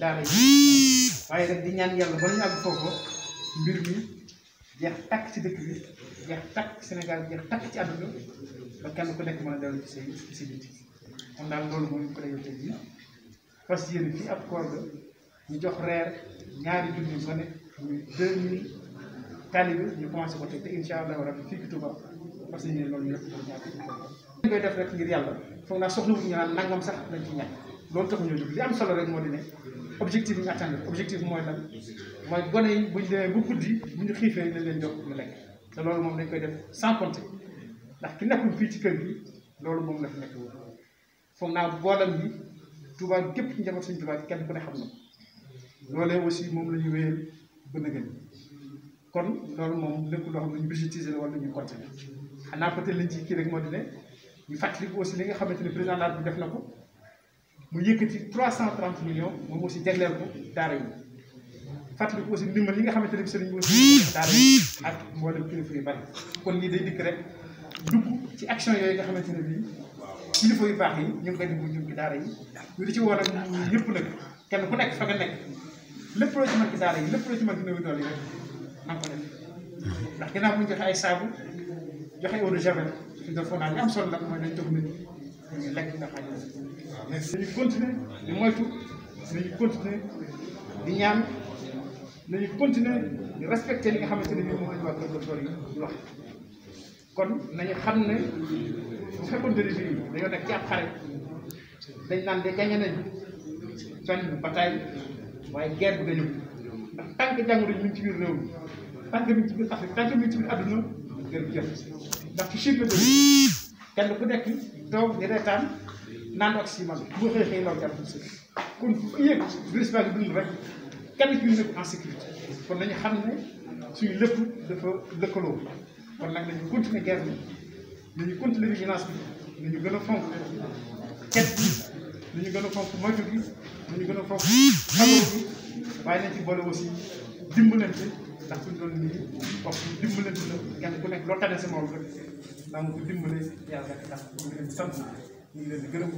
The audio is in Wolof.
daal waaye nag di ñaan yàlla ba ñu àgg foofu mbir mi jeex takk ci dëkk bi jeex takk Sénégal jeex takk ci àdduna ba kenn ku nekk mën a dellu ci say ci si biti kon daal loolu mooy ñu ko lay tey ab koor ga ñu jox reer ñaari junni ba ne muy deux mille taalibe ñu commencé ko teg te incha allah rabbi fii ci Touba parce que ñu ne loolu ñu def ko ñaata koy def rek ngir yàlla foog naa soxla wu ñu naan sax lañ ci ñàkk loolu tax ñoo jóg li am solo rek moo di ne objectif ñu atteindre objectif mooy lan mooy gone yi buñ demee bu guddi bu ñu xiifee nañ leen jox ñu lekk te loolu moom dañ koy def sans compter ndax ki nekkul fii ci kër gi loolu moom la fi nekk woon foog naa boolam bi Touba gépp njaboot suñu Touba kenn ku ne xam na loolee aussi moom la ñu wéyal ba kon loolu moom lépp loo xam ne ñu budgétiser la wala ñu continuer xanaa peut-être lañ ci kii rek moo di ne ñu fàttaliku aussi li nga xamante ne président laaj bi def na ko mu yëkkati 330 millions moom si jagleel ko daara yi fàttaliku aussi ndimbal yi nga xamante ne bi sëriñ bi aussi daara yi ak mboolem kilifa kon lii day dikk rek dugg ci action yooyu nga xamante ne bii kilifa yu baax yi ñu ngi koy dugg ñu ngi daara yi ñu di ci woo nag ñëpp nag kenn ku nekk fa nga nekk lépp loo ci mën ci daara yi lépp loo ci mën ci néew doole yi rek maa ngi ko def ndax ginnaaw bu joxe ay saabu joxe eau de javel suñu def foog naa li am solo nag mooy dañ jox nit ñi lekk nga xam ne mais di moytu nañu continuer di ñaan nañu nga xamante ne bii moom la ñu wax docteur yi kon nañu xam ne su fekkoon ne dañoo nekk ci ab xare dañ naan de gañe nañu benn bataille waaye guerre bi dañu ndax tant que jàngoro ñu ngi ci biir réew mi. tant que mi ngi ci biir Afrique tant que mi ngi ci biir adduna jërëjëf ndax ci Chine la jógee kenn ku nekk toog di reetaan naan oxymore bu xëy xëy law jàpp si kon ku yëg virus baa ngi dund rek kenn ku nekk en sécurité kon nañu xam ne suñu lépp dafa lëkkaloo kon nag nañu continuer guerre bi nañu continuer vigilance bi nañu gën a fonk ket bi nañu gën a fonk moytu bi nañu gën a fonk xamoo bi waaye nañ ci boole aussi dimbalante ndax fi mu toll nii wax dimbale bi la kenn ku nekk loo tane si moom rek daa nga ko dimbale yàlla rek tax ñu ngi leen di sant ñu ngi leen di gërëm